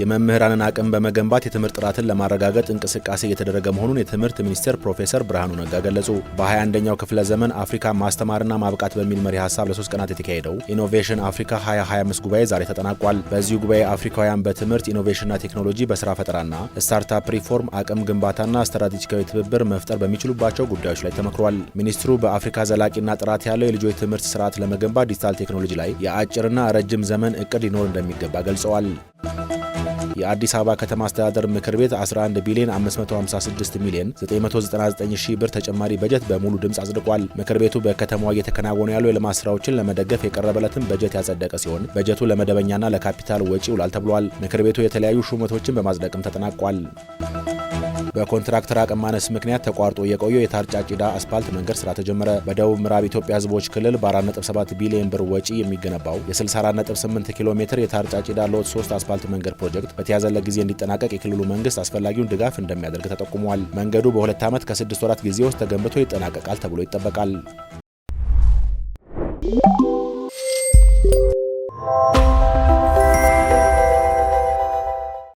የመምህራንን አቅም በመገንባት የትምህርት ጥራትን ለማረጋገጥ እንቅስቃሴ እየተደረገ መሆኑን የትምህርት ሚኒስቴር ፕሮፌሰር ብርሃኑ ነጋ ገለጹ። በ21ኛው ክፍለ ዘመን አፍሪካ ማስተማርና ማብቃት በሚል መሪ ሀሳብ ለሶስት ቀናት የተካሄደው ኢኖቬሽን አፍሪካ 2025 ጉባኤ ዛሬ ተጠናቋል። በዚሁ ጉባኤ አፍሪካውያን በትምህርት ኢኖቬሽንና ቴክኖሎጂ በስራ ፈጠራና ስታርታፕ ሪፎርም አቅም ግንባታና ስትራቴጂካዊ ትብብር መፍጠር በሚችሉባቸው ጉዳዮች ላይ ተመክሯል። ሚኒስትሩ በአፍሪካ ዘላቂና ጥራት ያለው የልጆች ትምህርት ስርዓት ለመገንባት ዲጂታል ቴክኖሎጂ ላይ የአጭርና ረጅም ዘመን እቅድ ሊኖር እንደሚገባ ገልጸዋል። የአዲስ አበባ ከተማ አስተዳደር ምክር ቤት 11 ቢሊዮን 556 ሚሊዮን 999 ሺህ ብር ተጨማሪ በጀት በሙሉ ድምፅ አጽድቋል። ምክር ቤቱ በከተማዋ እየተከናወኑ ያሉ የልማት ስራዎችን ለመደገፍ የቀረበለትን በጀት ያጸደቀ ሲሆን በጀቱ ለመደበኛና ለካፒታል ወጪ ውላል ተብሏል። ምክር ቤቱ የተለያዩ ሹመቶችን በማጽደቅም ተጠናቋል። በኮንትራክተር አቅም ማነስ ምክንያት ተቋርጦ የቆየው የታርጫ ጭዳ አስፓልት መንገድ ስራ ተጀመረ። በደቡብ ምዕራብ ኢትዮጵያ ህዝቦች ክልል በ47 ቢሊዮን ብር ወጪ የሚገነባው የ648 ኪሎ ሜትር የታርጫ ጭዳ ሎት 3 አስፓልት መንገድ ፕሮጀክት በተያዘለት ጊዜ እንዲጠናቀቅ የክልሉ መንግስት አስፈላጊውን ድጋፍ እንደሚያደርግ ተጠቁሟል። መንገዱ በሁለት ዓመት ከስድስት ወራት ጊዜ ውስጥ ተገንብቶ ይጠናቀቃል ተብሎ ይጠበቃል።